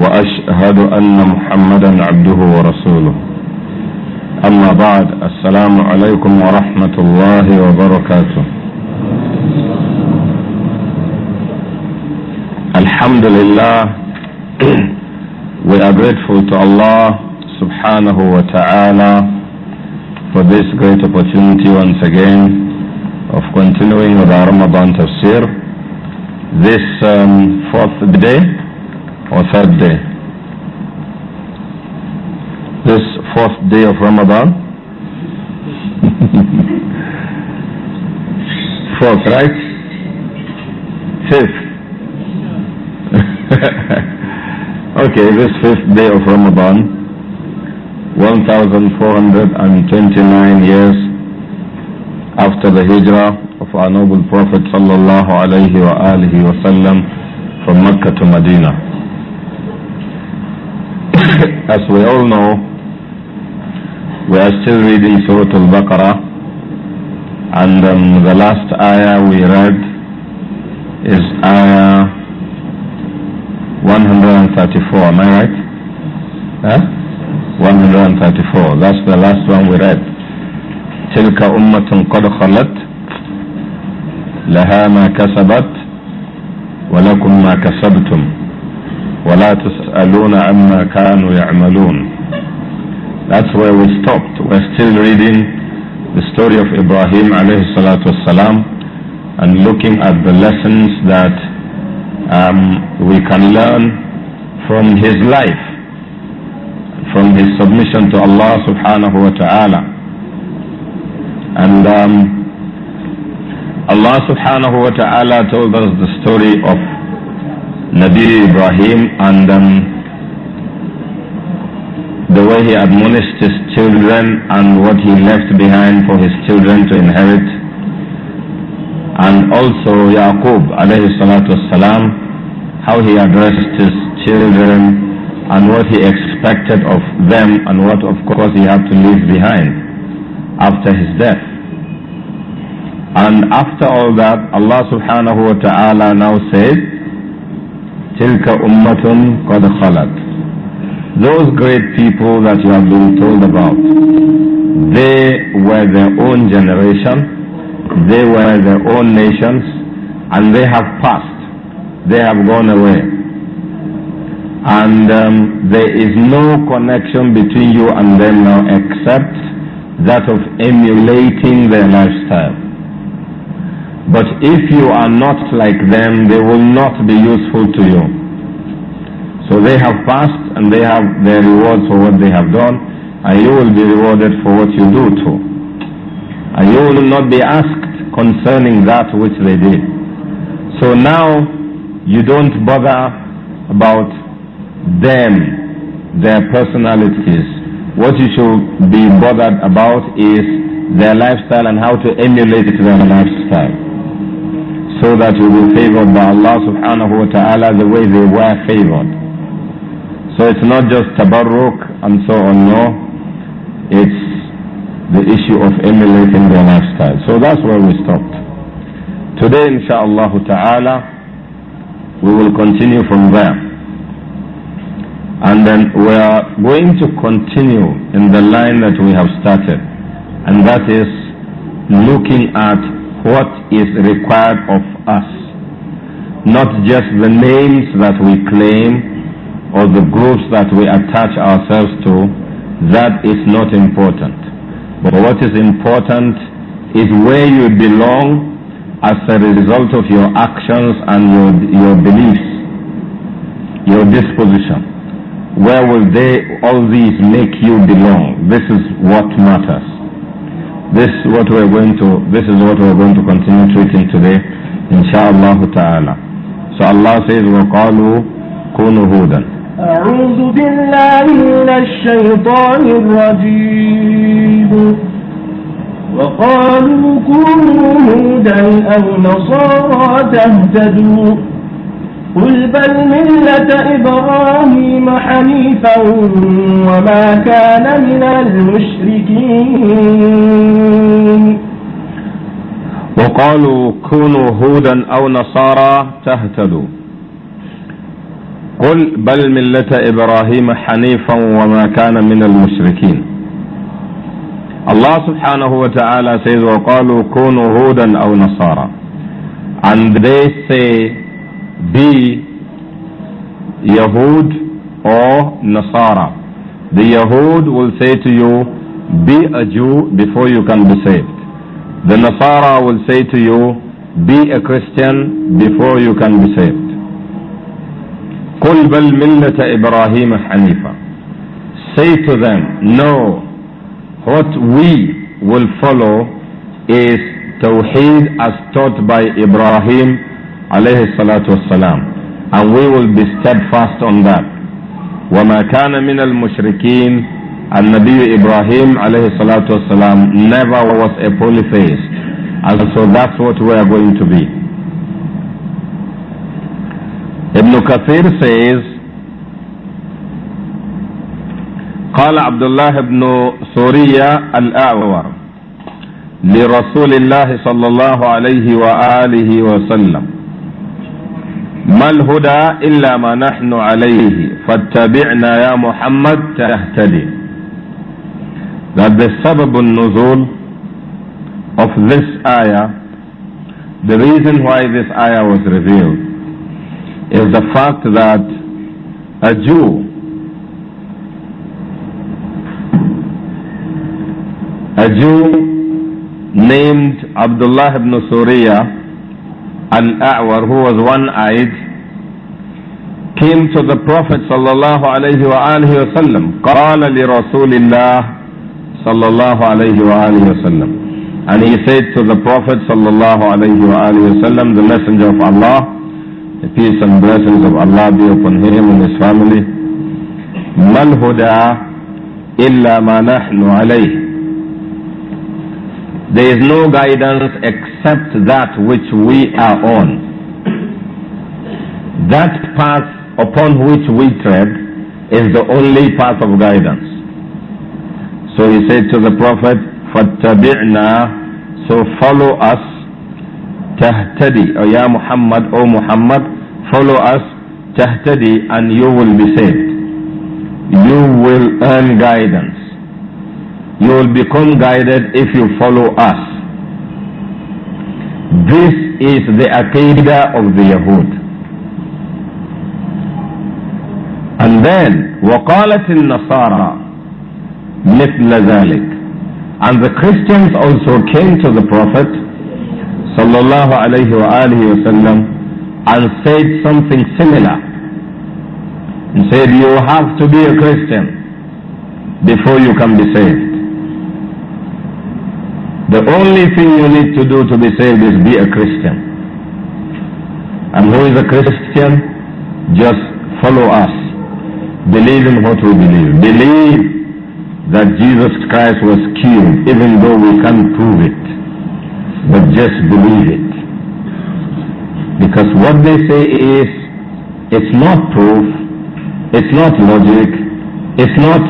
واشهد ان محمدا عبده ورسوله اما بعد السلام عليكم ورحمه الله وبركاته الحمد لله we are grateful to allah subhanahu wa ta'ala for this great opportunity once again of continuing with our ramadan tafsir this um, fourth day or third day. This fourth day of Ramadan. fourth, right? Fifth. okay, this fifth day of Ramadan, 1429 years after the hijrah of our noble Prophet sallallahu alaihi wasallam from Mecca to Medina. as we all know, we are still reading Surah Al-Baqarah and um, the last ayah we read is ayah 134, am I right? Huh? 134, that's the last one we read. تلك أمة قد خلت لها ما كسبت ولكم ما كسبتم ولا تسألون عما كانوا يعملون That's where we stopped. We're still reading the story of Ibrahim عليه salatu and looking at the lessons that um, we can learn from his life, from his submission to Allah subhanahu wa ta'ala. And um, Allah subhanahu wa ta'ala told us the story of Nabi Ibrahim and um, the way he admonished his children and what he left behind for his children to inherit. And also Yaqub alayhi salatu salam, how he addressed his children and what he expected of them and what of course he had to leave behind after his death. And after all that, Allah subhanahu wa ta'ala now says, those great people that you have been told about, they were their own generation, they were their own nations, and they have passed, they have gone away. And um, there is no connection between you and them now except that of emulating their lifestyle. But if you are not like them, they will not be useful to you. So they have passed and they have their reward for what they have done, and you will be rewarded for what you do too. And you will not be asked concerning that which they did. So now you don't bother about them, their personalities. What you should be bothered about is their lifestyle and how to emulate their lifestyle so that you be favored by Allah subhanahu wa ta'ala the way they were favored. So it's not just tabarruk and so on, no. It's the issue of emulating their lifestyle. So that's where we stopped. Today, inshaAllah ta'ala, we will continue from there. And then we are going to continue in the line that we have started, and that is looking at what is required of us, not just the names that we claim or the groups that we attach ourselves to, that is not important. But what is important is where you belong as a result of your actions and your, your beliefs, your disposition. Where will they, all these make you belong? This is what matters. This is what we're going to this is what we're going to continue treating today, inshallah ta'ala. So Allah says, وَقَالُوا كُونُوا هُودًا أعوذ بالله من الشيطان الرجيم وقالوا كونوا هودا أو نصارى تهتدوا قل بل ملة إبراهيم حنيفا وما كان من المشركين وقالوا كونوا هودا أو نصارى تهتدوا قل بل ملة إبراهيم حنيفا وما كان من المشركين الله سبحانه وتعالى سيد وَقَالُوا كُونُوا هُودًا أَوْ نصارى And they say, be Yahud or Nasara. The Yahud will say to you, be a Jew before you can be saved. The Nasara will say to you, be a Christian before you can be saved. قل بل ملة إبراهيم حنيفا Say to them, no, what we will follow is Tawheed as taught by Ibrahim alayhi salatu wassalam. And we will be steadfast on that. وَمَا كَانَ مِنَ الْمُشْرِكِينَ and Nabi Ibrahim alayhi salatu wasalam never was a polytheist. And so that's what we are going to be. Ibn Kathir says, قال عبد الله بن سوريا الأعور لرسول الله صلى الله عليه وآله وسلم ما الهدى إلا ما نحن عليه فاتبعنا يا محمد تهتدي that the sabab nuzul of this ayah the reason why this ayah was revealed is the fact that a Jew a Jew named Abdullah ibn Suriyah Al-A'war, who was one-eyed, came to the Prophet sallallahu alayhi wa sallam. wasallam. قال لرسول الله صلى عليه وآله وسلم. And he said to the Prophet sallallahu alayhi wa alihi wasallam, the messenger of Allah, the peace and blessings of Allah be upon him and his family, ما الهدى إلا ما نحن there is no guidance except that which we are on. That path upon which we tread is the only path of guidance. So he said to the Prophet, فَاتَّبِعْنَا So follow us, تَهْتَدِي O Ya Muhammad, O Muhammad, follow us, تَهْتَدِي And you will be saved. You will earn guidance you will become guided if you follow us. This is the Aqidah of the Yahud. And then, وقالت النصارى مثل ذلك. And the Christians also came to the Prophet صلى الله عليه وآله وسلم and said something similar. And said, you have to be a Christian before you can be saved. The only thing you need to do to be saved is be a Christian. And who is a Christian? Just follow us. Believe in what we believe. Believe that Jesus Christ was killed, even though we can't prove it. But just believe it. Because what they say is, it's not proof, it's not logic, it's not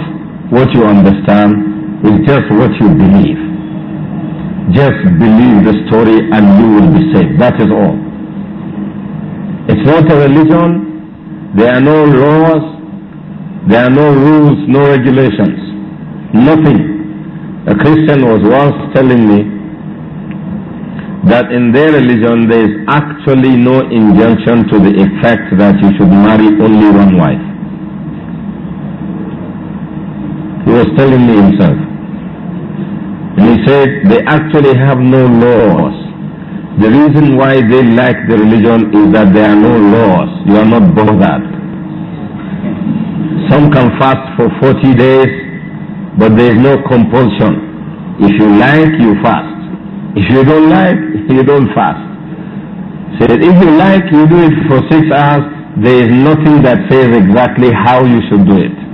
what you understand, it's just what you believe. Just believe the story and you will be saved. That is all. It's not a religion. There are no laws. There are no rules, no regulations. Nothing. A Christian was once telling me that in their religion there is actually no injunction to the effect that you should marry only one wife. He was telling me himself. He said they actually have no laws. The reason why they lack the religion is that there are no laws. You are not bothered. Some can fast for 40 days, but there is no compulsion. If you like, you fast. If you don't like, you don't fast. Said, if you like, you do it for six hours. There is nothing that says exactly how you should do it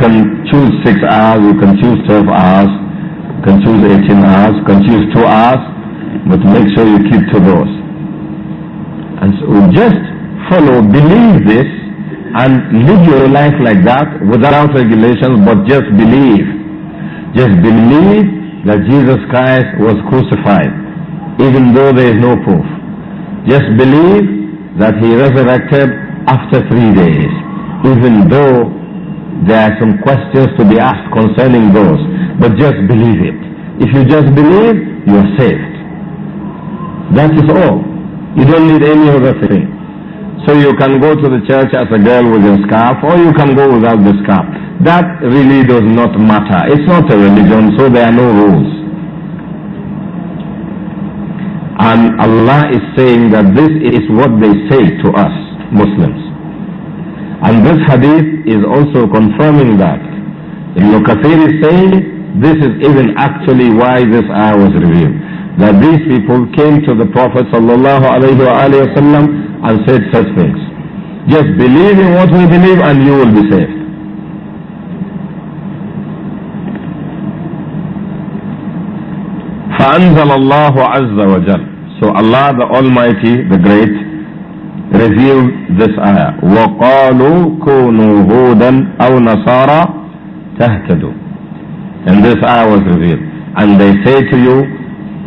can choose 6 hours, you can choose 12 hours, you can choose 18 hours, you can choose 2 hours, but make sure you keep to those. And so just follow, believe this, and live your life like that without regulations, but just believe. Just believe that Jesus Christ was crucified, even though there is no proof. Just believe that he resurrected after three days, even though there are some questions to be asked concerning those, but just believe it. If you just believe, you are saved. That is all. You don't need any other thing. So you can go to the church as a girl with your scarf, or you can go without the scarf. That really does not matter. It's not a religion, so there are no rules. And Allah is saying that this is what they say to us, Muslims. And this hadith is also confirming that. Ibn Kathir is saying this is even actually why this ayah was revealed. That these people came to the Prophet sallallahu alayhi wasallam and said such things. Just believe in what we believe and you will be saved. فأنزل الله عز وجل So Allah the Almighty, the Great, review this ayah. وَقَالُوا كُونُوا هُودًا أَوْ نَصَارَى تَهْتَدُوا And this ayah was revealed. And they say to you,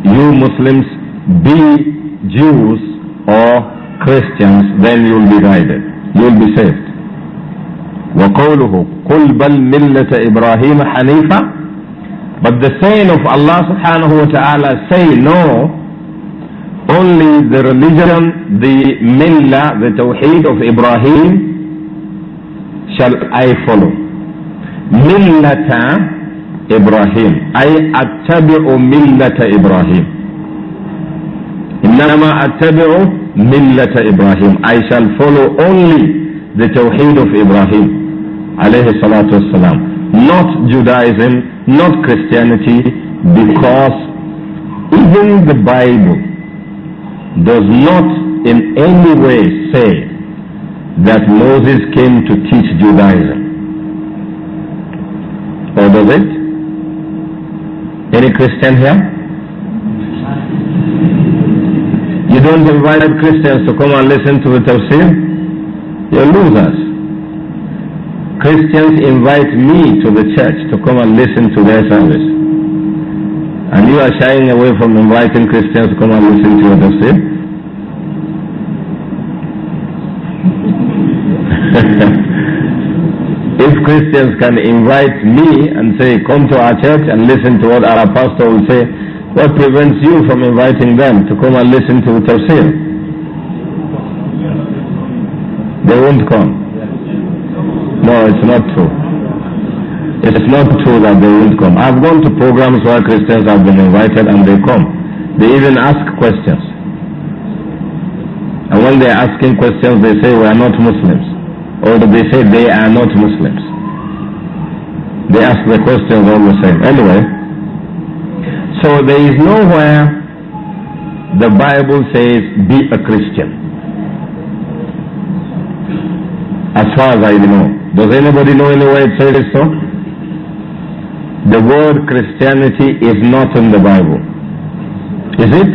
you Muslims, be Jews or Christians, then you'll be guided. You'll be saved. وقوله قل بل ملة إبراهيم حنيفا But the saying of Allah subhanahu wa ta'ala say no Only the religion, the millah, the tawheed of Ibrahim shall I follow. Millata Ibrahim. I attabi'u millata Ibrahim. Innama attabi'u millata Ibrahim. I shall follow only the tawheed of Ibrahim. Alayhi salatu wasalam. Not Judaism, not Christianity, because even the Bible does not in any way say that Moses came to teach Judaism. Or does it? Any Christian here? You don't invite Christians to come and listen to the tafsir? You're losers. Christians invite me to the church to come and listen to their service. And you are shying away from inviting Christians to come and listen to what they say. if Christians can invite me and say, come to our church and listen to what our pastor will say, what prevents you from inviting them to come and listen to say? They won't come. No, it's not true. It is not true that they will come. I've gone to programs where Christians have been invited and they come. They even ask questions. And when they are asking questions, they say, We are not Muslims. Or they say, They are not Muslims. They ask the questions all the same. Anyway, so there is nowhere the Bible says, Be a Christian. As far as I know. Does anybody know anywhere it says so? The word Christianity is not in the Bible. Is it?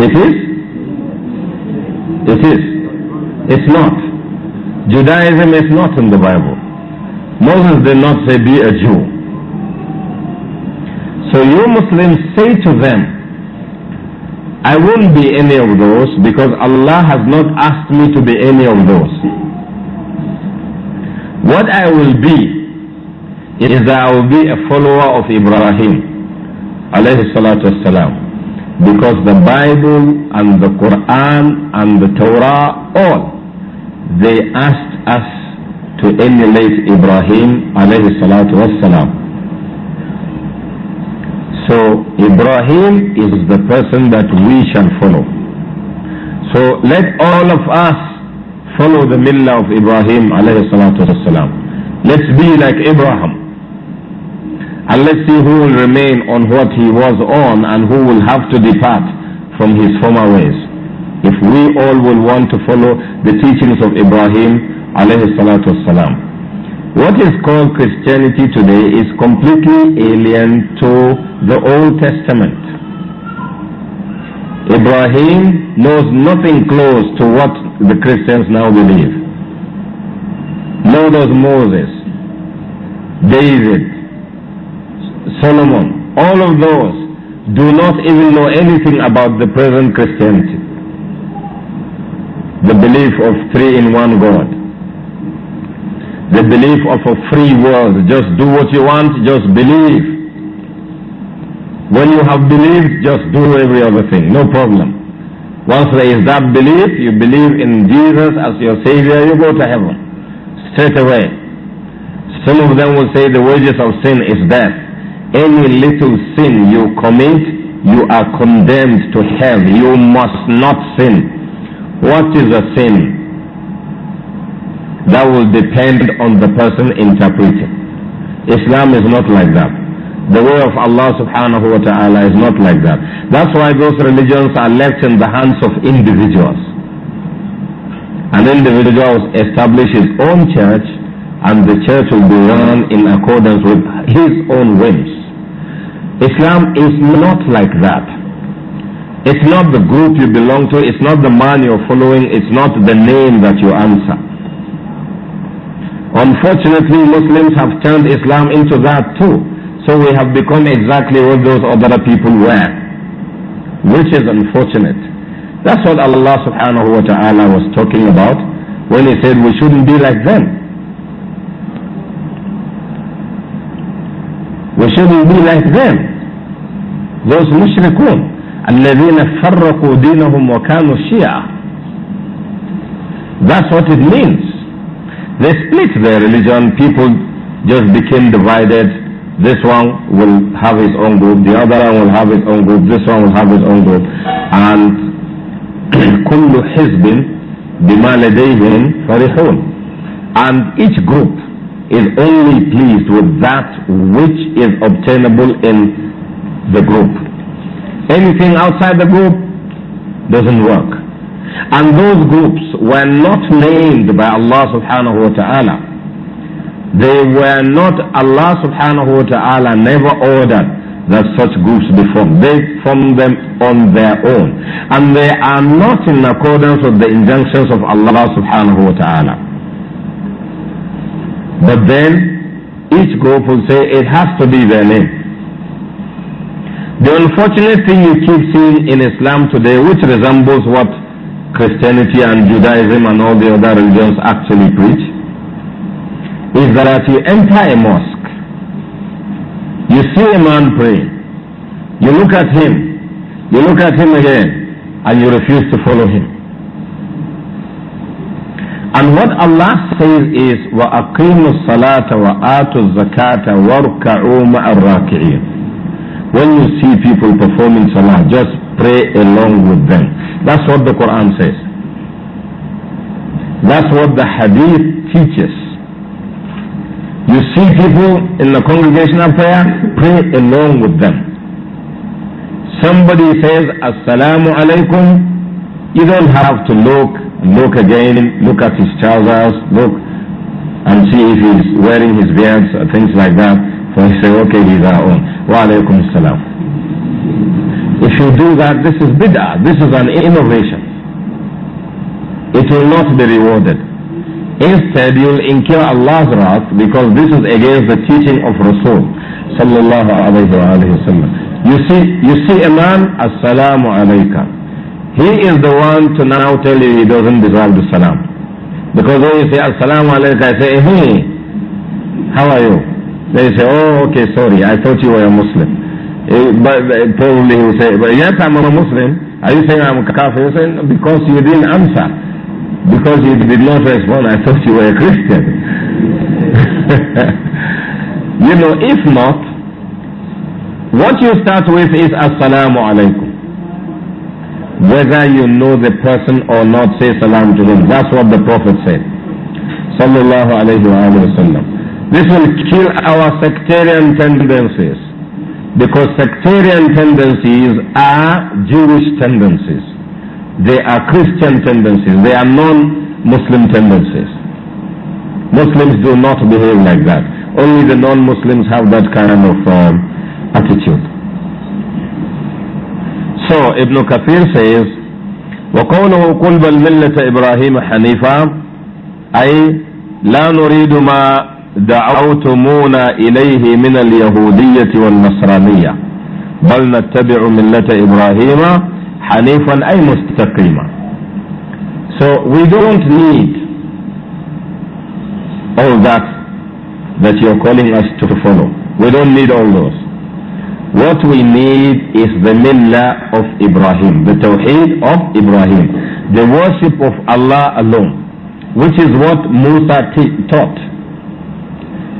It is? It is. It's not. Judaism is not in the Bible. Moses did not say be a Jew. So you Muslims say to them, I won't be any of those because Allah has not asked me to be any of those. What I will be is that I will be a follower of Ibrahim alayhi salatu wasalam because the Bible and the Quran and the Torah all they asked us to emulate Ibrahim alayhi salatu wasalam so Ibrahim is the person that we shall follow so let all of us follow the millah of Ibrahim alayhi salatu wasalam let's be like Ibrahim unless see who will remain on what he was on and who will have to depart from his former ways. If we all will want to follow the teachings of Ibrahim alayhi salatu salam, What is called Christianity today is completely alien to the Old Testament. Ibrahim knows nothing close to what the Christians now believe. Nor does Moses, David, Solomon, all of those do not even know anything about the present Christianity. The belief of three in one God. The belief of a free world. Just do what you want, just believe. When you have believed, just do every other thing, no problem. Once there is that belief, you believe in Jesus as your Savior, you go to heaven straight away. Some of them will say the wages of sin is death any little sin you commit, you are condemned to hell. You must not sin. What is a sin? That will depend on the person interpreting. Islam is not like that. The way of Allah subhanahu wa ta'ala is not like that. That's why those religions are left in the hands of individuals. An individual establishes his own church and the church will be run in accordance with his own whims. Islam is not like that. It's not the group you belong to, it's not the man you're following, it's not the name that you answer. Unfortunately, Muslims have turned Islam into that too. So we have become exactly what those other people were, which is unfortunate. That's what Allah subhanahu wa ta'ala was talking about when he said we shouldn't be like them. We shouldn't be like them. Those mushrikun. الذين فرقوا دينهم وكانوا شيعا That's what it means. They split their religion. People just became divided. This one will have his own group. The other one will have his own group. This one will have his own group. And كل حزب بما لديهم فرحون. And each group is only pleased with that which is obtainable in the group. Anything outside the group doesn't work. And those groups were not named by Allah subhanahu wa ta'ala. They were not, Allah subhanahu wa ta'ala never ordered that such groups be formed. They formed them on their own. And they are not in accordance with the injunctions of Allah subhanahu wa ta'ala. But then each group will say it has to be their name. The unfortunate thing you keep seeing in Islam today, which resembles what Christianity and Judaism and all the other religions actually preach, is that as you enter a mosque, you see a man praying, you look at him, you look at him again, and you refuse to follow him. And what Allah says is, وَأَقِيمُوا الصَّلَاةَ وَآتُوا الزَّكَاةَ وَارْكَعُوا مَعَ الرَّاكِعِينَ When you see people performing salah, just pray along with them. That's what the Quran says. That's what the hadith teaches. You see people in the congregational prayer, pray along with them. Somebody says, Assalamu alaikum, you don't have to look, look again, look at his trousers, look and see if he's wearing his beard or things like that. For so say, okay, these are own. Wa alaykum salam. If you do that, this is bid'ah. This is an innovation. It will not be rewarded. Instead, you'll incur Allah's wrath because this is against the teaching of Rasul sallallahu alayhi wa You see, you see a man, assalamu alaykum. He is the one to now tell you he doesn't deserve the salam. Because when you say assalamu alaikum, I say, hey, how are you? They say, oh, okay, sorry, I thought you were a Muslim. Eh, but probably he will say, but yes, I'm a Muslim. Are you saying I'm a kafir? You say, because you didn't answer. Because you did not respond, I thought you were a Christian. you know, if not, what you start with is assalamu alaikum whether you know the person or not, say salam to them. That's what the Prophet said. Sallallahu alayhi wa This will kill our sectarian tendencies. Because sectarian tendencies are Jewish tendencies. They are Christian tendencies. They are non-Muslim tendencies. Muslims do not behave like that. Only the non-Muslims have that kind of um, attitude. So Ibn Kafir says, وقوله قل بل ملة إبراهيم حنيفا أي لا نريد ما دعوتمونا إليه من اليهودية والنصرانية بل نتبع ملة إبراهيم حنيفا أي مستقيما So we don't need all that that you're calling us to follow. We don't need all those. What we need is the millah of Ibrahim, the tawheed of Ibrahim, the worship of Allah alone, which is what Musa taught.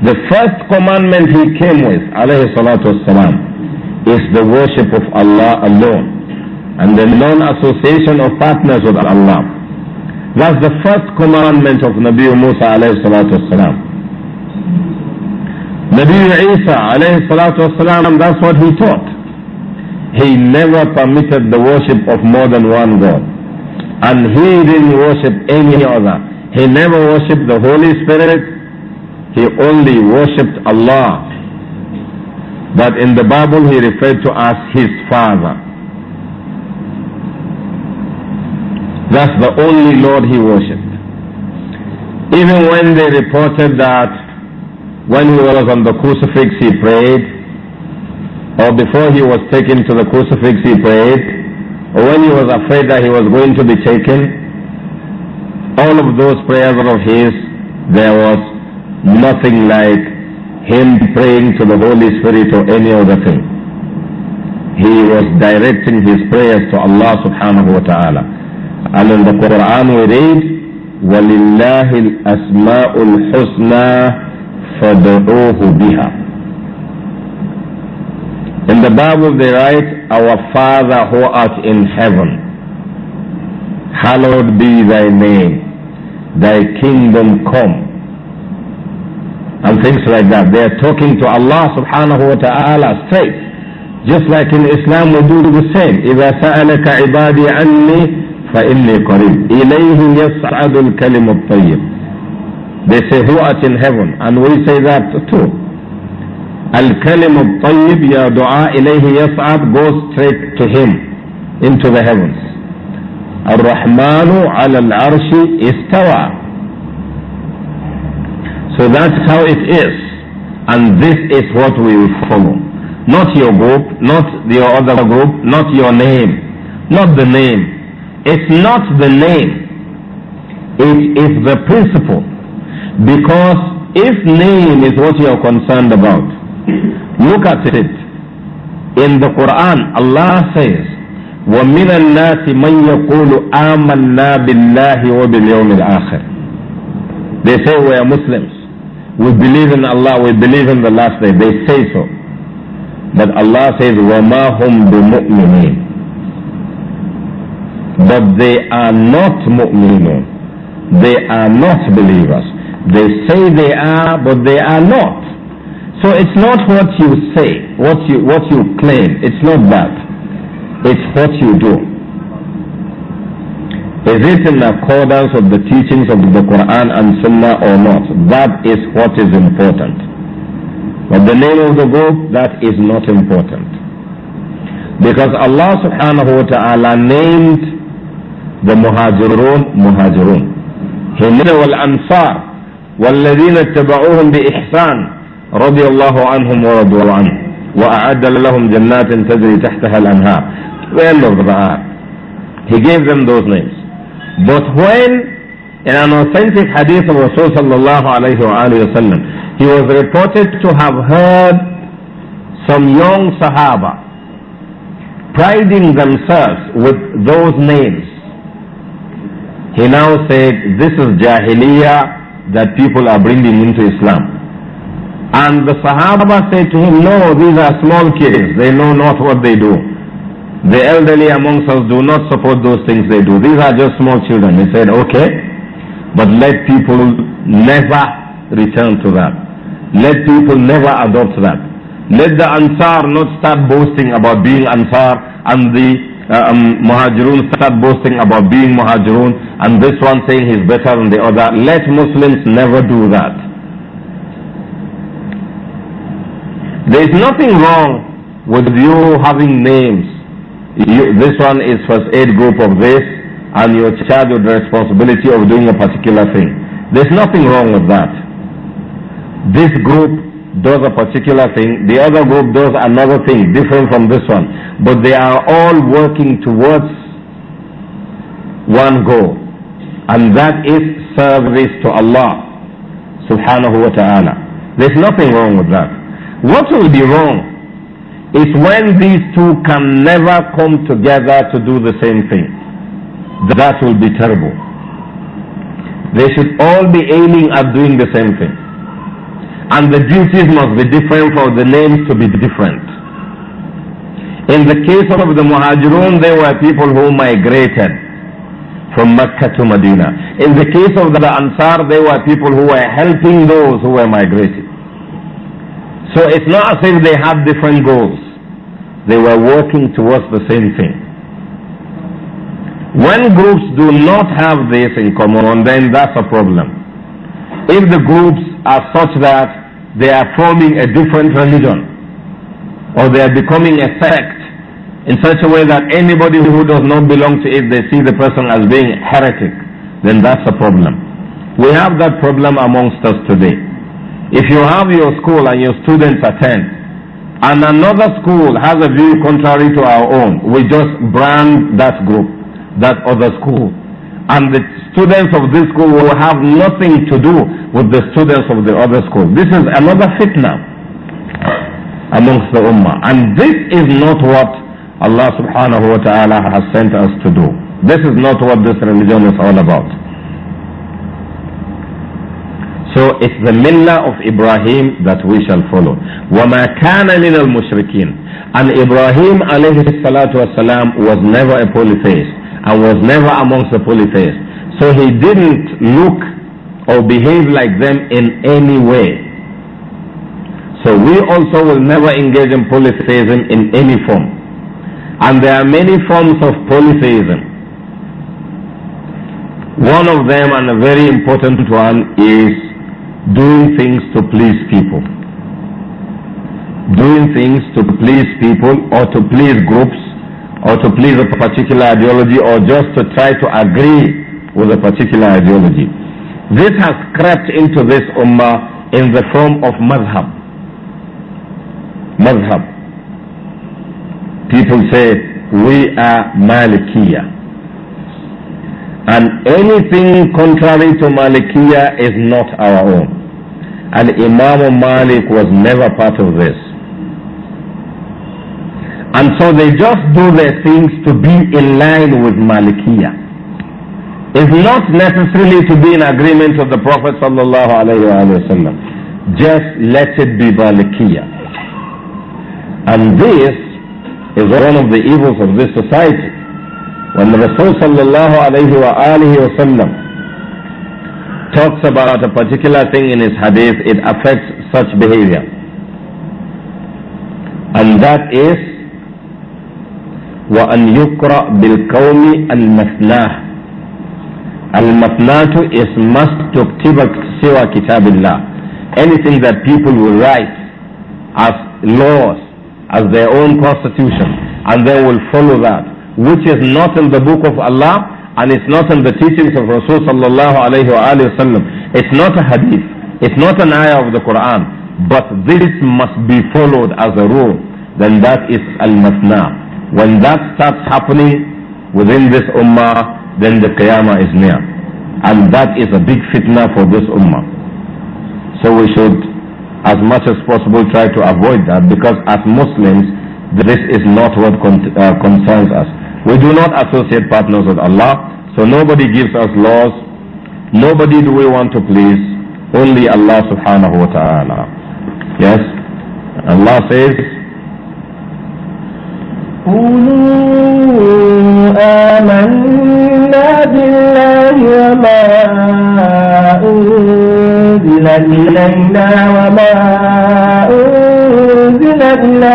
The first commandment he came with, alayhi salatu wasalam, is the worship of Allah alone and the non-association of partners with Allah. That's the first commandment of Nabi Musa alayhi salatu wasalam. Nabi Isa alayhi salatu wasalam, that's what he taught. He never permitted the worship of more than one God. And he didn't worship any other. He never worshipped the Holy Spirit. He only worshipped Allah. But in the Bible he referred to as his father. That's the only Lord he worshipped. Even when they reported that when he was on the crucifix, he prayed. Or before he was taken to the crucifix, he prayed. Or when he was afraid that he was going to be taken. All of those prayers of his, there was nothing like him praying to the Holy Spirit or any other thing. He was directing his prayers to Allah subhanahu wa ta'ala. And in the Quran we read, وَلِلَّهِ الْأَسْمَاءُ الْحُسْنَى فَدَعُوهُ بِهَا In the Bible they write, Our Father who art in heaven, hallowed be thy name, thy kingdom come. And things like that. They are talking to Allah subhanahu wa ta'ala straight. Just like in Islam we do the same. إذا سألك عبادي عني فإني قريب. إليه يصعد الكلم الطيب. They say, who art in heaven? And we say that too. Al-kalim of tayyib ya du'a ilayhi yas'ad, go straight to him, into the heavens. Ar-Rahmanu al-arshi istawa. So that's how it is. And this is what we will follow. Not your group, not your other group, not your name, not the name. It's not the name. It is the principle. Because if name is what you are concerned about, look at it. In the Quran, Allah says, وَمِنَ النَّاسِ مَنْ يَقُولُ آمَنَّا بِاللَّهِ وَبِالْيَوْمِ الْآخِرِ They say we are Muslims. We believe in Allah. We believe in the last day. They say so. But Allah says, وَمَا هُمْ بِمُؤْمِنِينَ But they are not mu'minun. They are not believers. They say they are, but they are not. So it's not what you say, what you, what you claim. It's not that. It's what you do. Is it in accordance with the teachings of the Quran and Sunnah or not? That is what is important. But the name of the book, that is not important. Because Allah subhanahu wa ta'ala named the muhajirun muhajirun. He named ansar والذين اتبعوهم بإحسان رضي الله عنهم ورضوا عنه وأعد لهم جنات تجري تحتها الأنهار the end of the ayah he gave them those names but when in an authentic hadith of Rasul sallallahu alayhi wa sallam he was reported to have heard some young sahaba priding themselves with those names he now said this is jahiliyyah that people are bringing into Islam. And the Sahaba said to him, No, these are small kids. They know not what they do. The elderly amongst us do not support those things they do. These are just small children. He said, Okay, but let people never return to that. Let people never adopt that. Let the Ansar not start boasting about being Ansar and the uh, um, muhajirun start boasting about being muhajirun and this one saying he's better than the other. Let Muslims never do that. There is nothing wrong with you having names. You, this one is first aid group of this and you're charged with the responsibility of doing a particular thing. There's nothing wrong with that. This group does a particular thing, the other group does another thing different from this one. But they are all working towards one goal, and that is service to Allah subhanahu wa ta'ala. There's nothing wrong with that. What will be wrong is when these two can never come together to do the same thing. That will be terrible. They should all be aiming at doing the same thing and the duties must be different for the names to be different. In the case of the Muhajirun, they were people who migrated from Mecca to Medina. In the case of the Ansar, they were people who were helping those who were migrating. So it's not as if they had different goals. They were working towards the same thing. When groups do not have this in common, then that's a problem if the groups are such that they are forming a different religion or they are becoming a sect in such a way that anybody who does not belong to it, they see the person as being heretic, then that's a problem. We have that problem amongst us today. If you have your school and your students attend, and another school has a view contrary to our own, we just brand that group, that other school and the students of this school will have nothing to do with the students of the other school. This is another fitna amongst the ummah. And this is not what Allah subhanahu wa ta'ala has sent us to do. This is not what this religion is all about. So it's the millah of Ibrahim that we shall follow. وَمَا كَانَ مِنَ الْمُشْرِكِينَ And Ibrahim alayhi salatu salam was never a polytheist and was never amongst the polytheists. So he didn't look or behave like them in any way. So we also will never engage in polytheism in any form. And there are many forms of polytheism. One of them, and a very important one, is doing things to please people. Doing things to please people or to please groups or to please a particular ideology or just to try to agree with a particular ideology. This has crept into this ummah in the form of madhab. Madhab. People say, we are Malikiya. And anything contrary to Malikiya is not our own. And Imam Malik was never part of this. And so they just do their things to be in line with Malikiyah. It's not necessarily to be in agreement with the Prophet sallallahu alayhi wa Just let it be Malikiyah. And this is one of the evils of this society. When the Rasul sallallahu alayhi wa alihi talks about a particular thing in his hadith, it affects such behavior. And that is وأن يقرأ بالقوم المثلاه المثلاه is must تكتب سوى كتاب الله anything that people will write as laws as their own constitution and they will follow that which is not in the book of Allah and it's not in the teachings of Rasul sallallahu alayhi wa it's not a hadith it's not an ayah of the Quran but this must be followed as a rule then that is al-mathna when that starts happening within this ummah, then the qiyamah is near. And that is a big fitna for this ummah. So we should, as much as possible, try to avoid that because as Muslims, this is not what con uh, concerns us. We do not associate partners with Allah, so nobody gives us laws, nobody do we want to please, only Allah subhanahu wa ta'ala. Yes? Allah says, قولوا آمنا بالله وما أنزل إلينا وما أنزل إلى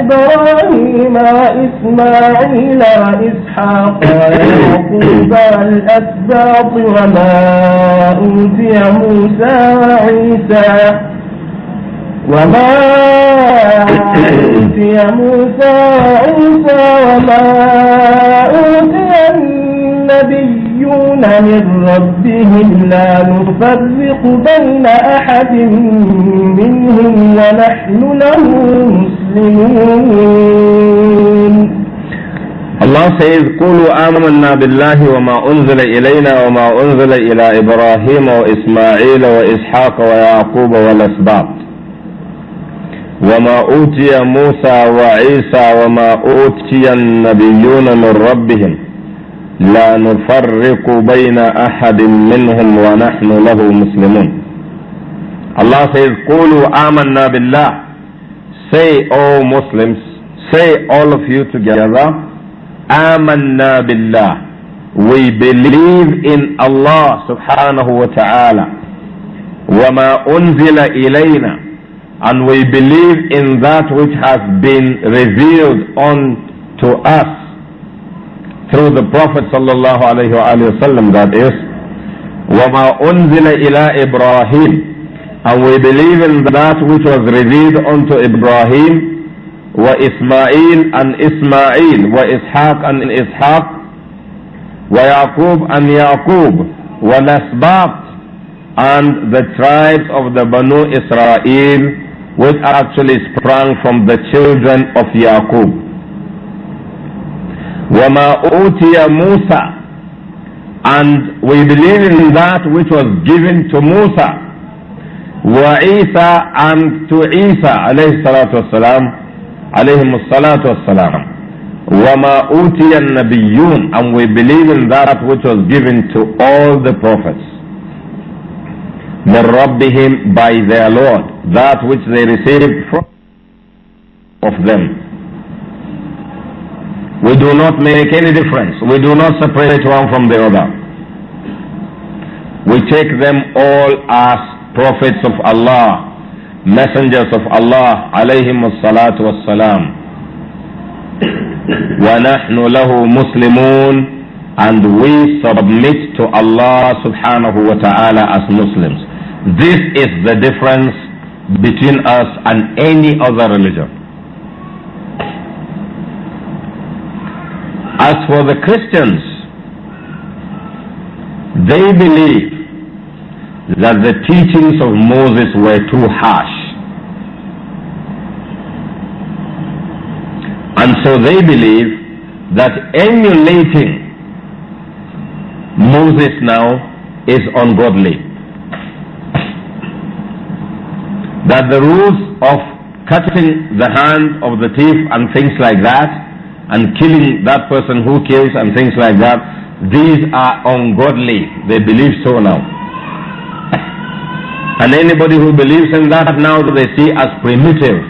إبراهيم وإسماعيل وإسحاق ويعقوب والأسباط وما أنزل موسى وعيسى وما أوتي موسى وعيسى وما أوتي النبيون من ربهم لا نفرق بين أحد منهم ونحن له مسلمون الله says قولوا آمنا بالله وما أنزل إلينا وما أنزل إلى إبراهيم وإسماعيل وإسحاق ويعقوب والأسباط وما أوتي موسى وعيسى وما أوتي النبيون من ربهم لا نفرق بين أحد منهم ونحن له مسلمون Allah says قولوا آمنا بالله Say all oh Muslims Say all of you together آمنا بالله We believe in Allah subhanahu wa ta'ala وما أنزل إلينا and we believe in that which has been revealed unto us through the Prophet sallallahu alaihi wasallam that is وَمَا ila Ibrahim, and we believe in that which was revealed unto Ibrahim wa Ismail and Ismail wa Ishaq and Ishaq Yaqub and Yaqub wa Nasbat, and the tribes of the Banu Israel which actually sprang from the children of Yaqub. وَمَا أُوتِيَ مُوسَى And we believe in that which was given to Musa. وَعِيسَى And to Isa عليه الصلاة والسلام عليهم الصلاة والسلام وما أوتي النبيون and we believe in that which was given to all the prophets من ربهم by their Lord that which they received from of them. We do not make any difference. We do not separate one from the other. We take them all as prophets of Allah, messengers of Allah, alayhim salatu salam وَنَحْنُ لَهُ مُسْلِمُونَ And we submit to Allah subhanahu wa ta'ala as Muslims. This is the difference between us and any other religion. As for the Christians, they believe that the teachings of Moses were too harsh. And so they believe that emulating Moses now is ungodly. that the rules of cutting the hand of the thief and things like that, and killing that person who kills and things like that, these are ungodly. They believe so now. and anybody who believes in that now they see as primitive,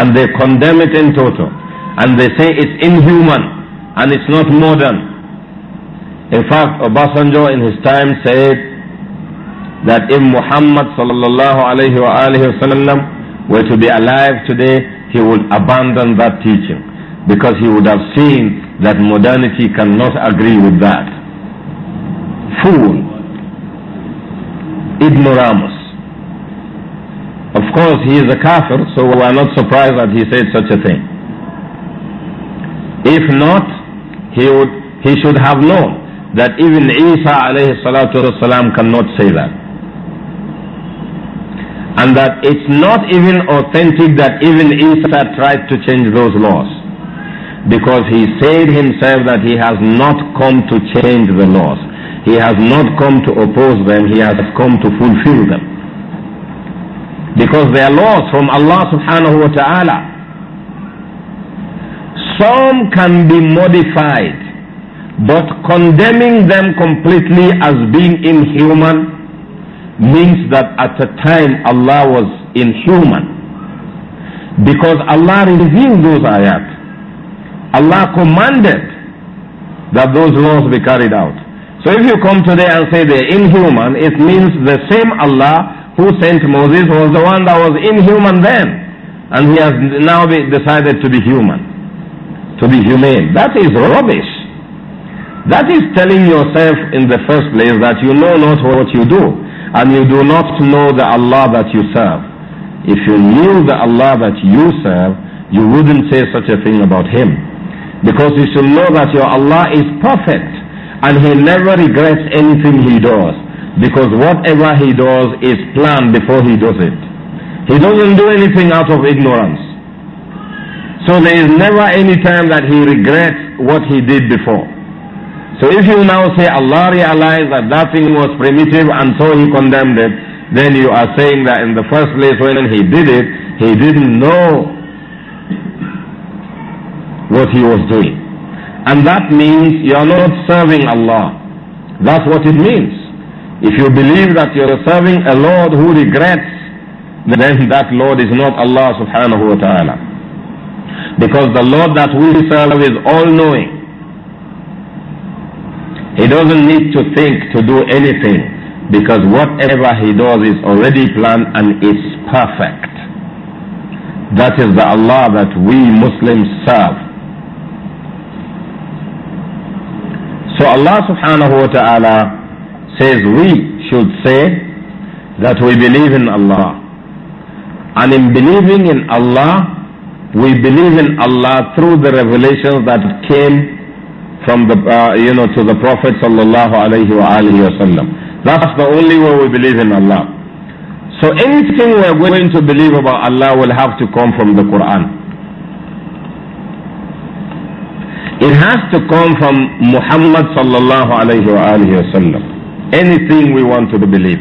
and they condemn it in total, and they say it's inhuman, and it's not modern. In fact, Obasanjo in his time said, that if Muhammad sallallahu alayhi wa were to be alive today, he would abandon that teaching because he would have seen that modernity cannot agree with that. Fool. Ignoramus. Of course, he is a kafir, so we are not surprised that he said such a thing. If not, he, would, he should have known that even Isa alayhi salatu wasalam cannot say that and that it's not even authentic that even Isa tried to change those laws. Because he said himself that he has not come to change the laws. He has not come to oppose them, he has come to fulfill them. Because they are laws from Allah subhanahu wa ta'ala. Some can be modified, but condemning them completely as being inhuman means that at a time Allah was inhuman. Because Allah revealed those ayat. Allah commanded that those laws be carried out. So if you come today and say they're inhuman, it means the same Allah who sent Moses was the one that was inhuman then. And he has now decided to be human, to be humane. That is rubbish. That is telling yourself in the first place that you know not what you do and you do not know the Allah that you serve. If you knew the Allah that you serve, you wouldn't say such a thing about Him. Because you should know that your Allah is perfect and He never regrets anything He does. Because whatever He does is planned before He does it. He doesn't do anything out of ignorance. So there is never any time that He regrets what He did before. So if you now say Allah realized that that thing was primitive and so he condemned it, then you are saying that in the first place when he did it, he didn't know what he was doing. And that means you are not serving Allah. That's what it means. If you believe that you are serving a Lord who regrets, then that Lord is not Allah subhanahu wa ta'ala. Because the Lord that we serve is all knowing. He doesn't need to think to do anything because whatever he does is already planned and is perfect. That is the Allah that we Muslims serve. So Allah subhanahu wa ta'ala says we should say that we believe in Allah. And in believing in Allah, we believe in Allah through the revelations that came from the, uh, you know, to the Prophet sallallahu alaihi wasallam. That's the only way we believe in Allah. So anything we're going to believe about Allah will have to come from the Quran. It has to come from Muhammad sallallahu alaihi wasallam. Anything we want to believe.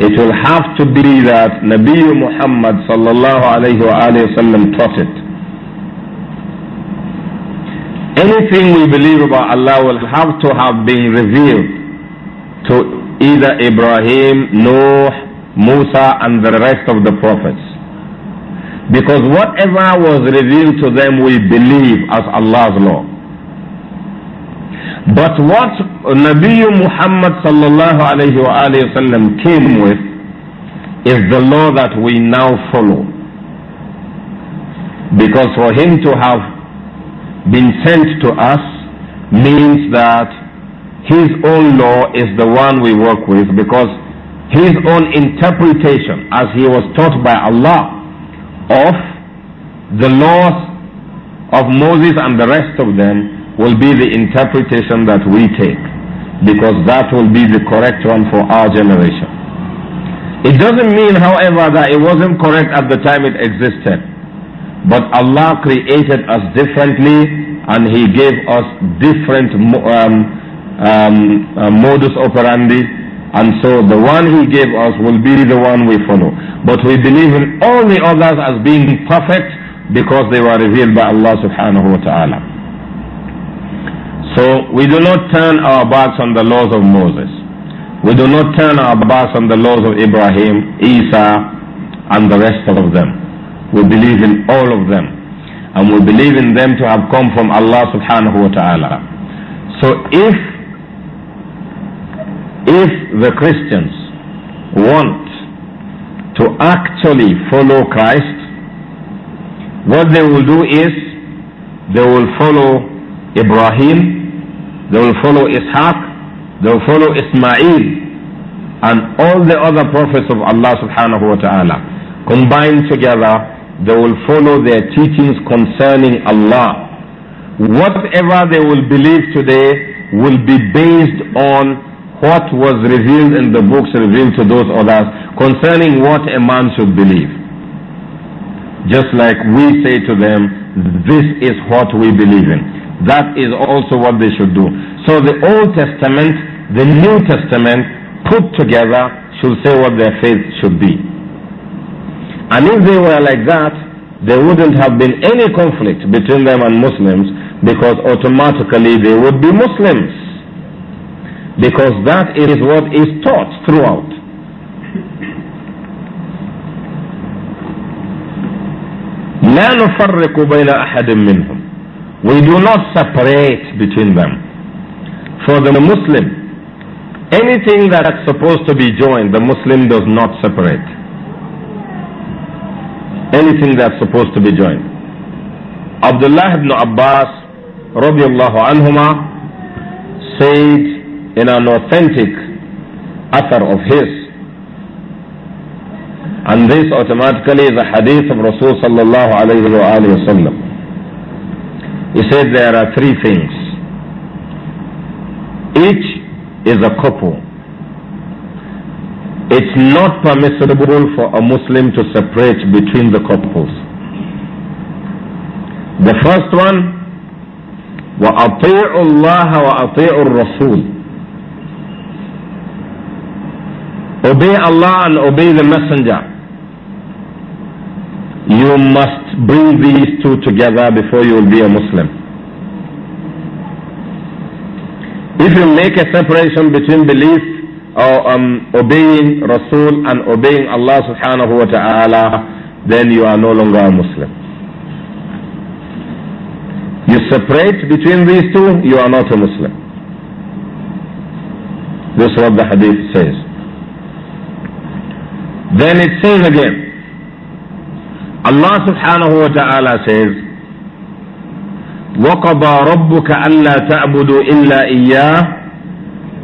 It will have to be that Nabi Muhammad sallallahu alaihi wasallam taught it. Anything we believe about Allah will have to have been revealed to either Ibrahim, Noah, Musa, and the rest of the prophets. Because whatever was revealed to them, we believe as Allah's law. But what Nabi Muhammad sallallahu alayhi wa sallam came with is the law that we now follow. Because for him to have been sent to us means that his own law is the one we work with because his own interpretation, as he was taught by Allah, of the laws of Moses and the rest of them will be the interpretation that we take because that will be the correct one for our generation. It doesn't mean, however, that it wasn't correct at the time it existed. But Allah created us differently and He gave us different um, um, uh, modus operandi. And so the one He gave us will be the one we follow. But we believe in all the others as being perfect because they were revealed by Allah subhanahu wa ta'ala. So we do not turn our backs on the laws of Moses. We do not turn our backs on the laws of Ibrahim, Isa, and the rest of them. We believe in all of them. And we believe in them to have come from Allah subhanahu wa ta'ala. So if, if the Christians want to actually follow Christ, what they will do is they will follow Ibrahim, they will follow Ishaq, they will follow Ismail, and all the other prophets of Allah subhanahu wa ta'ala combined together they will follow their teachings concerning Allah. Whatever they will believe today will be based on what was revealed in the books revealed to those others concerning what a man should believe. Just like we say to them, this is what we believe in. That is also what they should do. So the Old Testament, the New Testament, put together should say what their faith should be. And if they were like that, there wouldn't have been any conflict between them and Muslims because automatically they would be Muslims. Because that is what is taught throughout. we do not separate between them for the Muslim anything that is supposed to be joined the Muslim does not separate anything that's supposed to be joined. Abdullah ibn Abbas radiallahu anhuma said in an authentic author of his and this automatically is a hadith of Rasul sallallahu alayhi wa sallam. He said there are three things. Each is a couple it's not permissible for a Muslim to separate between the couples. The first one, وأطيعوا الله وأطيعوا الرسول Obey Allah and obey the Messenger. You must bring these two together before you will be a Muslim. If you make a separation between belief or um, obeying Rasul and obeying Allah subhanahu wa ta'ala, then you are no longer a Muslim. You separate between these two, you are not a Muslim. This is what the hadith says. Then it says again, Allah subhanahu wa ta'ala says, وقضى ربك ألا تعبدوا إلا إياه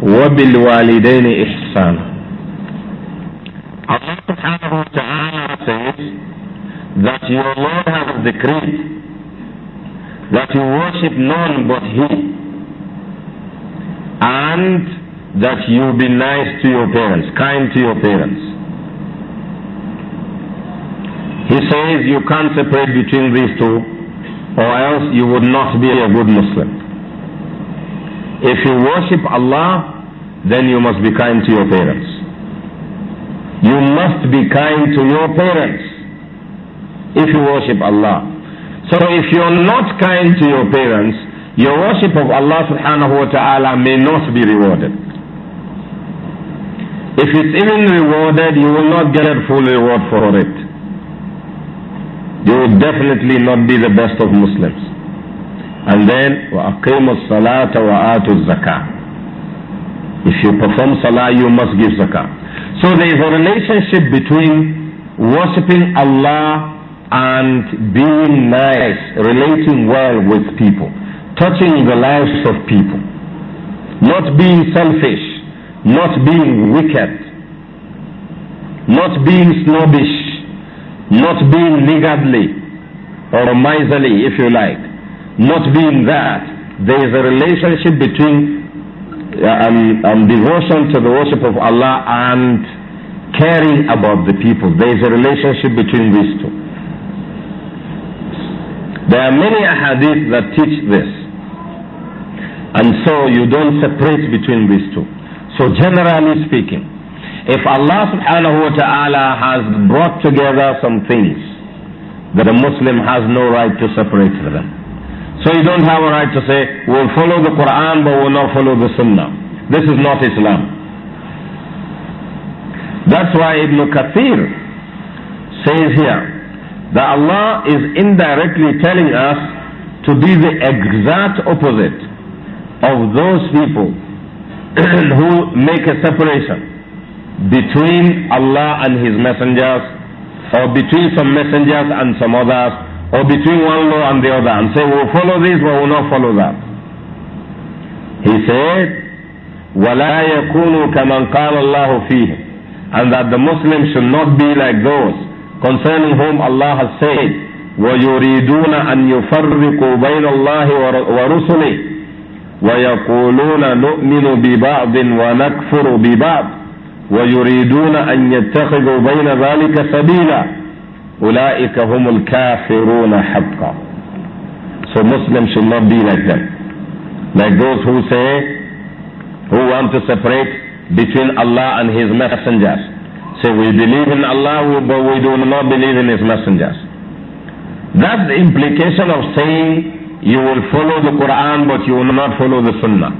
وَبِالْوَالِدَيْنِ إِحْسَانًا Allah subhanahu wa ta'ala says that your Lord has decreed that you worship none but Him and that you be nice to your parents, kind to your parents. He says you can't separate between these two, or else you would not be a good Muslim. If you worship Allah, then you must be kind to your parents. You must be kind to your parents if you worship Allah. So if you're not kind to your parents, your worship of Allah subhanahu wa ta'ala may not be rewarded. If it's even rewarded, you will not get a full reward for it. You will definitely not be the best of Muslims. And then, وَأَقِيمُوا الصَّلَاةَ وَآتُوا الزَّكَاةَ if you perform salah, you must give zakah. So there is a relationship between worshipping Allah and being nice, relating well with people, touching the lives of people, not being selfish, not being wicked, not being snobbish, not being niggardly or miserly, if you like, not being that. There is a relationship between um, um, devotion to the worship of Allah and caring about the people. There is a relationship between these two. There are many ahadith that teach this. And so you don't separate between these two. So generally speaking, if Allah subhanahu wa ta'ala has brought together some things, that a Muslim has no right to separate them. So you don't have a right to say, we'll follow the Quran but we'll not follow the Sunnah. This is not Islam. That's why Ibn Kathir says here that Allah is indirectly telling us to be the exact opposite of those people who make a separation between Allah and His messengers or between some messengers and some others or between one law and the other and say we'll follow this or we'll not follow that. He said, وَلَا يَكُونُوا كَمَنْ قَالَ اللَّهُ فِيهِ And that the Muslims should not be like those concerning whom Allah has said, وَيُرِيدُونَ أَنْ يُفَرِّقُوا بَيْنَ اللَّهِ وَرُسُلِهِ وَيَقُولُونَ نُؤْمِنُ بِبَعْضٍ وَنَكْفُرُ بِبَعْضٍ وَيُرِيدُونَ أَنْ يَتَّخِذُوا بَيْنَ ذَلِكَ سَبِيلًا اولئك هم الكافرون حقا So Muslims should not be like them. Like those who say, who want to separate between Allah and His messengers. Say, we believe in Allah, but we do not believe in His messengers. That's the implication of saying you will follow the Quran, but you will not follow the Sunnah.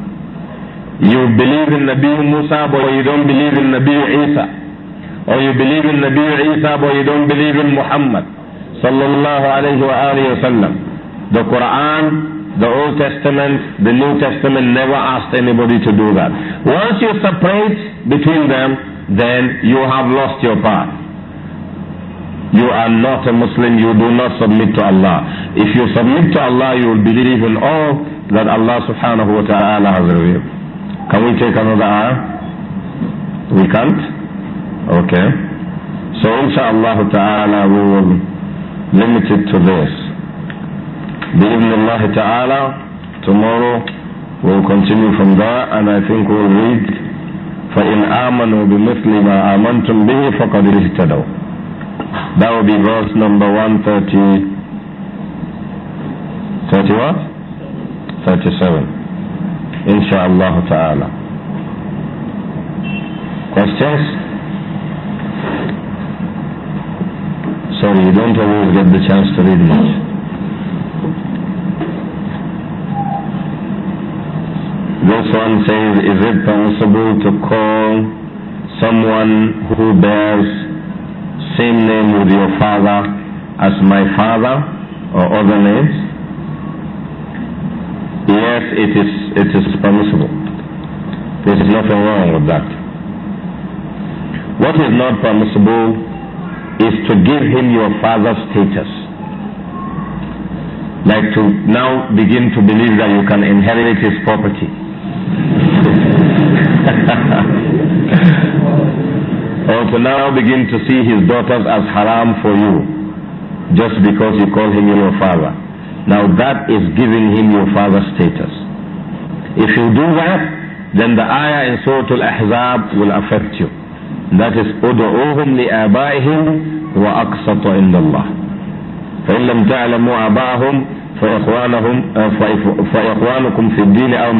You believe in Nabi Musa, but you don't believe in Nabi Isa. or you believe in Nabi Isa but you don't believe in Muhammad sallallahu alayhi wa The Quran, the Old Testament, the New Testament never asked anybody to do that. Once you separate between them, then you have lost your path you are not a Muslim, you do not submit to Allah. If you submit to Allah, you will believe in all that Allah subhanahu wa ta'ala has revealed. Can we take another hour? We can't? Okay? So inshaAllah ta'ala we will limit it to this. Bismillah ta'ala, tomorrow we'll continue from there and I think we'll read فَإِنْ آمَنُوا بِمِثْلِ مَا آمَنْتُمْ بِهِ فَقَدْ اِهْتَدَوْا That will be verse number 130 30 what? 37 Inshallah ta'ala Questions? Sorry, you don't always get the chance to read much. This one says, is it permissible to call someone who bears same name with your father as my father or other names? Yes, it is, it is permissible. There is nothing wrong with that. What is not permissible is to give him your father's status. Like to now begin to believe that you can inherit his property. or to now begin to see his daughters as haram for you just because you call him your father. Now that is giving him your father's status. If you do that, then the ayah in Surah Al-Ahzab will affect you. That is, أدعوهم لآبائهم وأقسط عند الله. فإن لم تعلموا آباءهم فإخوانهم فإخوانكم في الدين أو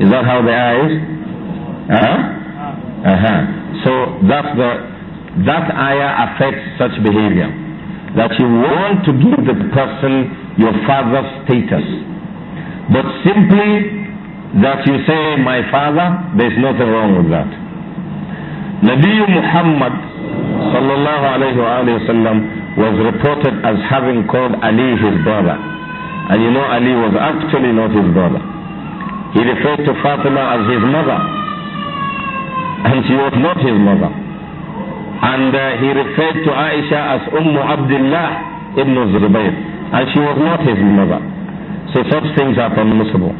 Is that how the ayah is? Uh-huh. Uh-huh. So that's the, that ayah affects such behavior. That you want to give the person your father's status. But simply that you say, my father, there's nothing wrong with that. Nabi Muhammad sallallahu alayhi wa was reported as having called Ali his brother. And you know Ali was actually not his brother. He referred to Fatima as his mother. And she was not his mother. And uh, he referred to Aisha as Ummu Abdullah ibn Zubayr. And she was not his mother. So such things are permissible.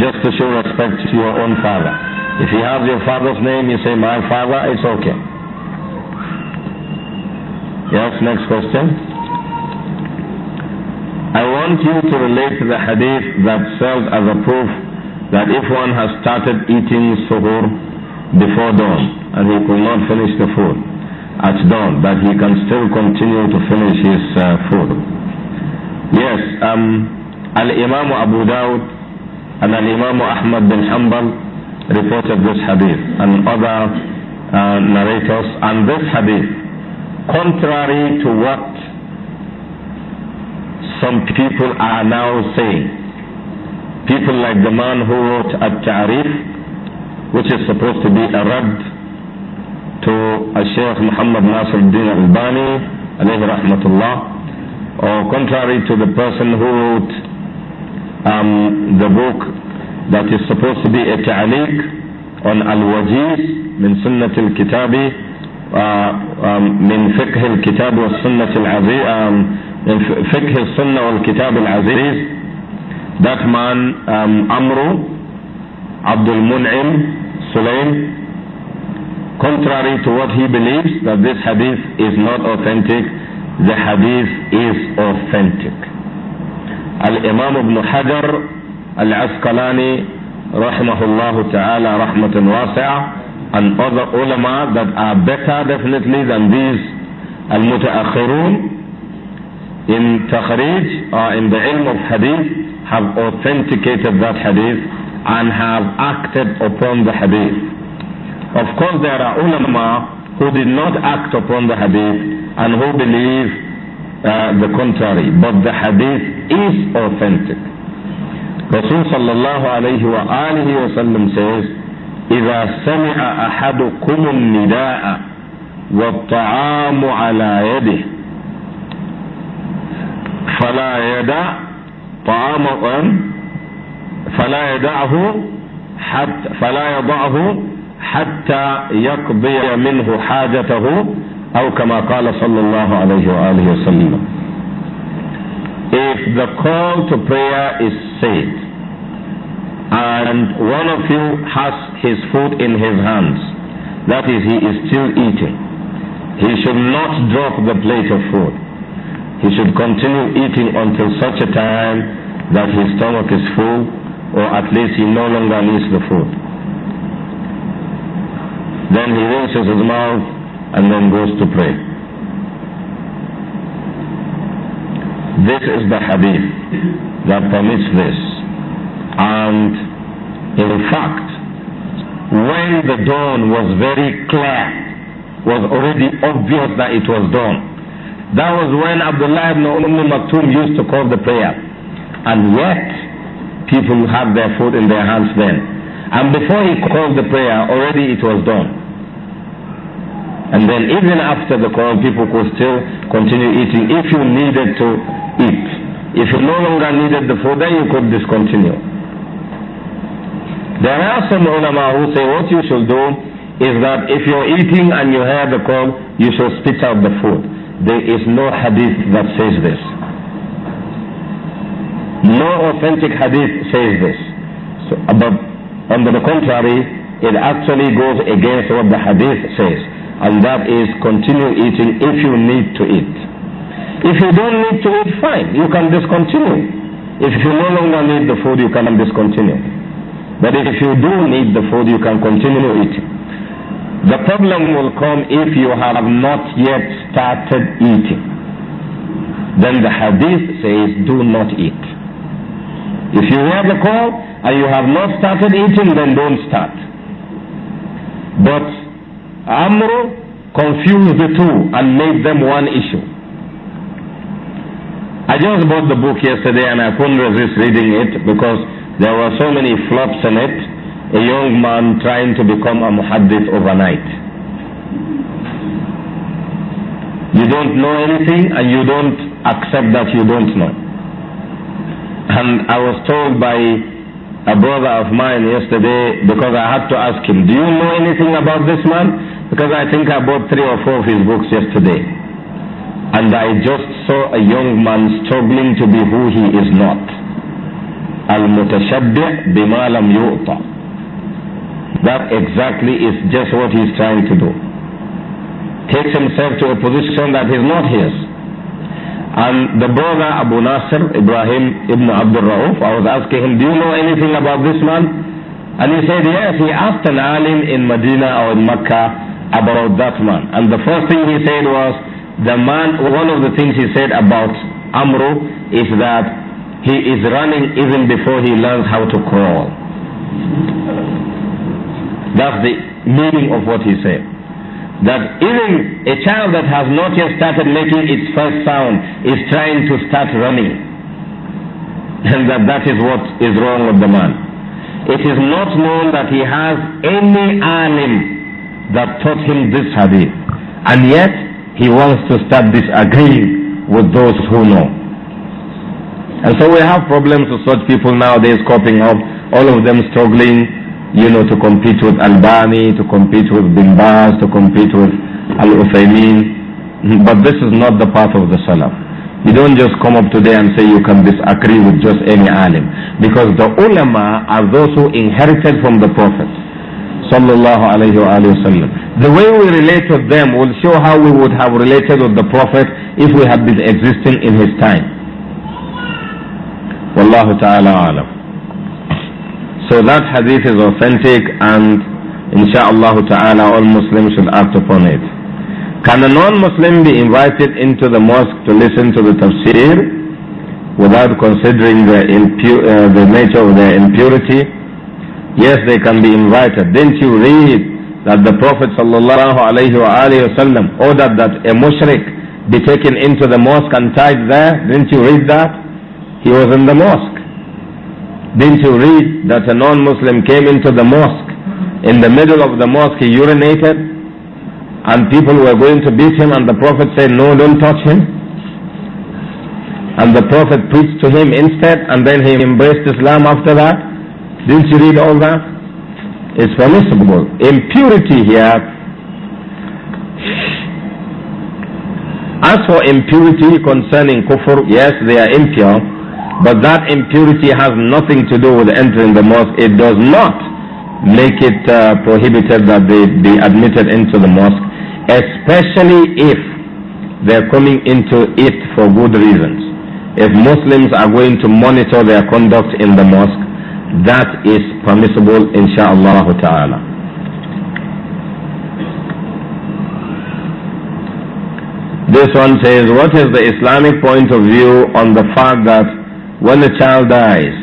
Just to show respect to your own father. If you have your father's name, you say, my father, it's okay. Yes, next question. I want you to relate the hadith that serves as a proof that if one has started eating suhoor before dawn and he could not finish the food at dawn, that he can still continue to finish his uh, food. Yes, um, Al-Imam Abu Dawud and Al-Imam Ahmad bin Hanbal report of this hadith and other uh, narrators and this hadith contrary to what some people are now saying people like the man who wrote At-Ta'rif which is supposed to be a rad to a Sheikh Muhammad Nasir al-Din al-Bani alayhi rahmatullah or contrary to the person who wrote um, the book that is supposed to be a ta'liq on al-wajiz min sunnat al-kitabi al فقه الكتاب al-Sunnah من al-kitab al aziz um, that man um, Amru Abdul Mun'im Sulaim contrary to what he believes that this hadith is not authentic the hadith is authentic Al-Imam Ibn Hajar Al-Asqalani rahimahullah ta'ala rahmatun wasi'ah and other ulama that are better definitely than these al-mutaakhirun in takhrij or in the ilm of hadith have authenticated that hadith and have acted upon the hadith. Of course there are ulama who did not act upon the hadith and who believe uh, the contrary but the hadith is authentic. رسول صلى الله عليه وآله وسلم says, إِذَا سَمِعَ أَحَدُكُمُ النِّدَاءَ وَالطَّعَامُ عَلَى يَدِهِ فلا يدع طعام فلا يدعه حتى فلا يضعه حتى يقضي منه حاجته أو كما قال صلى الله عليه وآله وسلم if the call to prayer is said and one of you has his food in his hands, that is, he is still eating, he should not drop the plate of food. He should continue eating until such a time that his stomach is full or at least he no longer needs the food. Then he rinses his mouth and then goes to pray. This is the hadith that permits this. And in fact, when the dawn was very clear, was already obvious that it was dawn. That was when Abdullah ibn Umm Maktoum used to call the prayer. And yet, people had their food in their hands then. And before he called the prayer, already it was dawn. And then even after the call, people could still continue eating if you needed to eat. If you no longer needed the food, then you could discontinue. There are some ulama who say what you should do is that if you're eating and you have the call, you should spit out the food. There is no hadith that says this. No authentic hadith says this. So, but on the contrary, it actually goes against what the hadith says, and that is continue eating if you need to eat. If you don't need to eat, fine, you can discontinue. If you no longer need the food, you can discontinue. But if you do need the food, you can continue eating. The problem will come if you have not yet started eating. Then the hadith says, do not eat. If you hear the call and you have not started eating, then don't start. But Amr confused the two and made them one issue. I just bought the book yesterday and I couldn't resist reading it because there were so many flops in it. A young man trying to become a muhaddith overnight. You don't know anything and you don't accept that you don't know. And I was told by a brother of mine yesterday because I had to ask him, Do you know anything about this man? Because I think I bought three or four of his books yesterday and I just saw a young man struggling to be who he is not. Al-mutashabbi' bima lam yu'ta. That exactly is just what he's trying to do. Takes himself to a position that is not his. And the brother Abu Nasr, Ibrahim ibn Abdul Rauf, I was asking him, do you know anything about this man? And he said, yes, he asked an alim in Medina or in Mecca about that man. And the first thing he said was, the man, one of the things he said about Amru is that he is running even before he learns how to crawl. That's the meaning of what he said. That even a child that has not yet started making its first sound is trying to start running. And that that is what is wrong with the man. It is not known that he has any alim that taught him this hadith. And yet, he wants to start disagreeing with those who know. And so we have problems with such people nowadays coping up, all of them struggling, you know, to compete with Albani, to compete with Bimbas, to compete with Al-Uthaymeen. But this is not the path of the Salaf. You don't just come up today and say you can disagree with just any alim. Because the ulama are those who inherited from the Prophet sallallahu alayhi wa The way we relate to them will show how we would have related with the Prophet if we had been existing in his time. Wallahu ta'ala alam. So that hadith is authentic and insha'Allah ta'ala all Muslims should act upon it. Can a non-Muslim be invited into the mosque to listen to the tafsir without considering the, uh, the nature of their impurity? Yes, they can be invited. Didn't you read that the Prophet sallallahu alayhi wasallam ordered that a mushrik be taken into the mosque and tied there? Didn't you read that? He was in the mosque. Didn't you read that a non-Muslim came into the mosque? In the middle of the mosque he urinated and people were going to beat him and the Prophet said, no, don't touch him. And the Prophet preached to him instead and then he embraced Islam after that. Didn't you read all that? It's permissible. Impurity here. As for impurity concerning kufr, yes, they are impure, but that impurity has nothing to do with entering the mosque. It does not make it uh, prohibited that they be admitted into the mosque, especially if they're coming into it for good reasons. If Muslims are going to monitor their conduct in the mosque, that is permissible insha'Allah ta'ala. This one says, what is the Islamic point of view on the fact that when a child dies,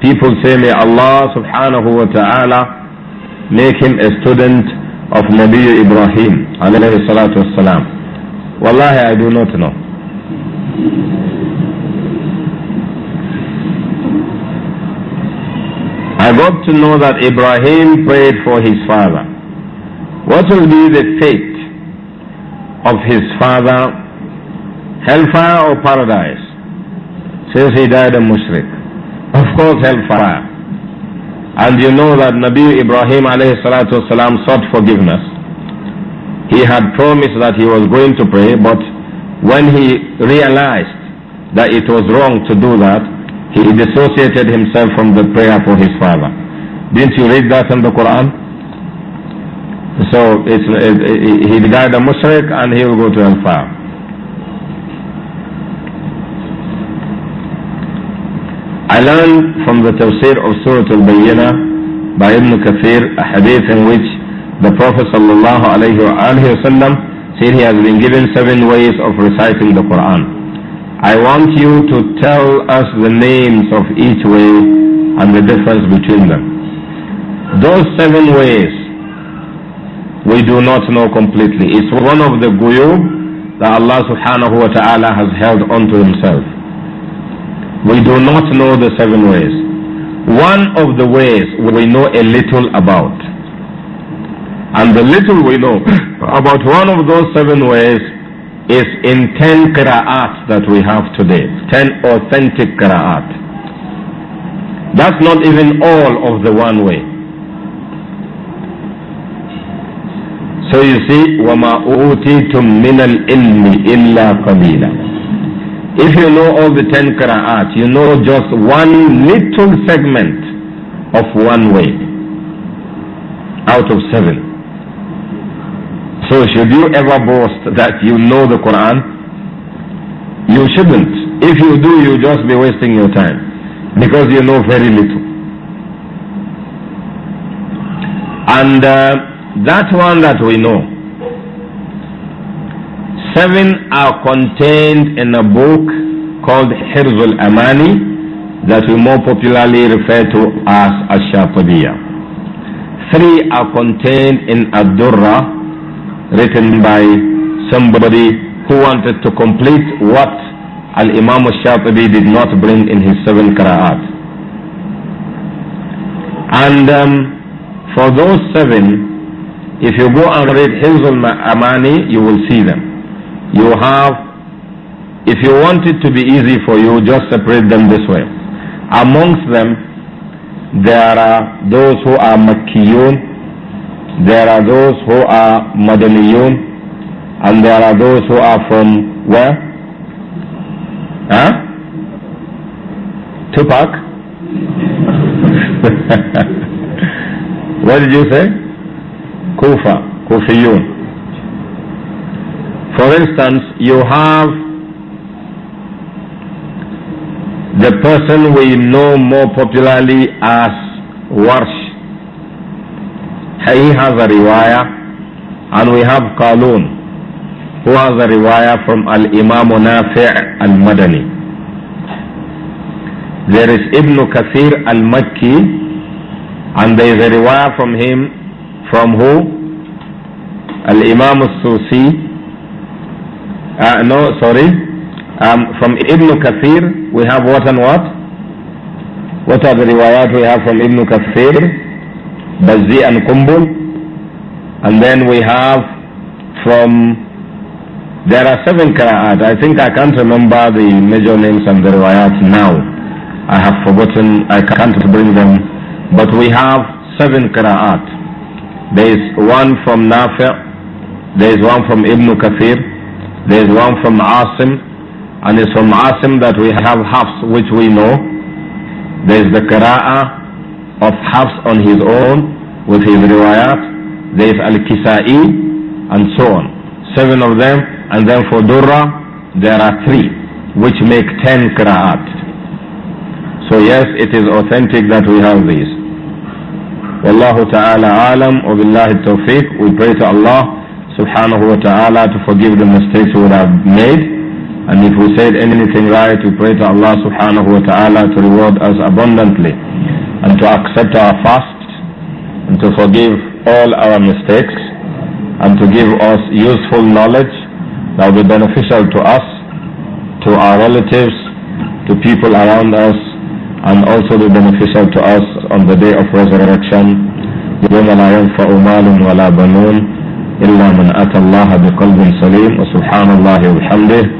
people say, may Allah subhanahu wa ta'ala make him a student of Nabi Ibrahim alayhi salatu salam. Wallahi, I do not know. I got to know that Ibrahim prayed for his father. What will be the fate of his father? Hellfire or paradise? Since he died a mushrik. Of course, hellfire. And you know that Nabi Ibrahim والسلام, sought forgiveness. He had promised that he was going to pray, but when he realized that it was wrong to do that, he dissociated himself from the prayer for his father. Didn't you read that in the Quran? So it's, it, it, he died a mushrik and he will go to hellfire. I learned from the tafsir of Surah al bayyina by Ibn Kathir a hadith in which the Prophet sallallahu alayhi wa said he has been given seven ways of reciting the Quran. I want you to tell us the names of each way and the difference between them. Those seven ways we do not know completely. It's one of the guyub that Allah subhanahu wa ta'ala has held onto himself. We do not know the seven ways. One of the ways we know a little about. And the little we know about one of those seven ways is in 10 qira'at that we have today, 10 authentic qira'at. That's not even all of the one way. So you see, وَمَا أُوتِيتُم مِّنَ الْإِلْمِ إِلَّا قَلِيلًا If you know all the 10 qira'at, you know just one little segment of one way out of seven. So should you ever boast that you know the Quran? You shouldn't. If you do, you just be wasting your time because you know very little. And uh, that one that we know, seven are contained in a book called Hirzul Amani that we more popularly refer to as Ash-Shatabiyya. Three are contained in Ad-Durra, written by somebody who wanted to complete what Al-Imam al-Shatibi did not bring in his seven Qira'at. And um, for those seven, if you go and read al amani you will see them. You have, if you want it to be easy for you, just separate them this way. Amongst them, there are those who are Makkiyun, there are those who are Madaniyun and there are those who are from where? Huh? Tupac? what did you say? Kufa, Kufiyun. For instance, you have the person we know more popularly as Warsh. He has a riwayah, and we have Qalun, who has a riwayah from Al-Imam Nafi' Al-Madani. There is Ibn Kathir Al-Makki, and there is a riwayah from him, from who? Al-Imam Al-Susi, uh, no, sorry, um, from Ibn Kathir, we have what and what? What are the riwayat we have from Ibn Kathir? Bazi and Kumbul. And then we have from there are seven qira'at. I think I can't remember the major names and the riwayat now. I have forgotten. I can't bring them. But we have seven qira'at. There is one from Nafi', there is one from Ibn Kathir, there is one from Asim, and it's from Asim that we have Hafs, which we know. There is the qira'ah of Hafs on his own with his riwayat. There is Al-Kisa'i and so on. Seven of them. And then for Durra, there are three, which make ten qira'at. So yes, it is authentic that we have these. Wallahu ta'ala alam wa billahi tawfiq. We pray to Allah subhanahu wa ta'ala to forgive the mistakes we have made. And if we said anything right, we pray to Allah subhanahu wa ta'ala to reward us abundantly and to accept our fast and to forgive all our mistakes and to give us useful knowledge that will be beneficial to us, to our relatives, to people around us, and also be beneficial to us on the day of resurrection. إلا من أتى الله بقلب سليم وسبحان الله وبحمده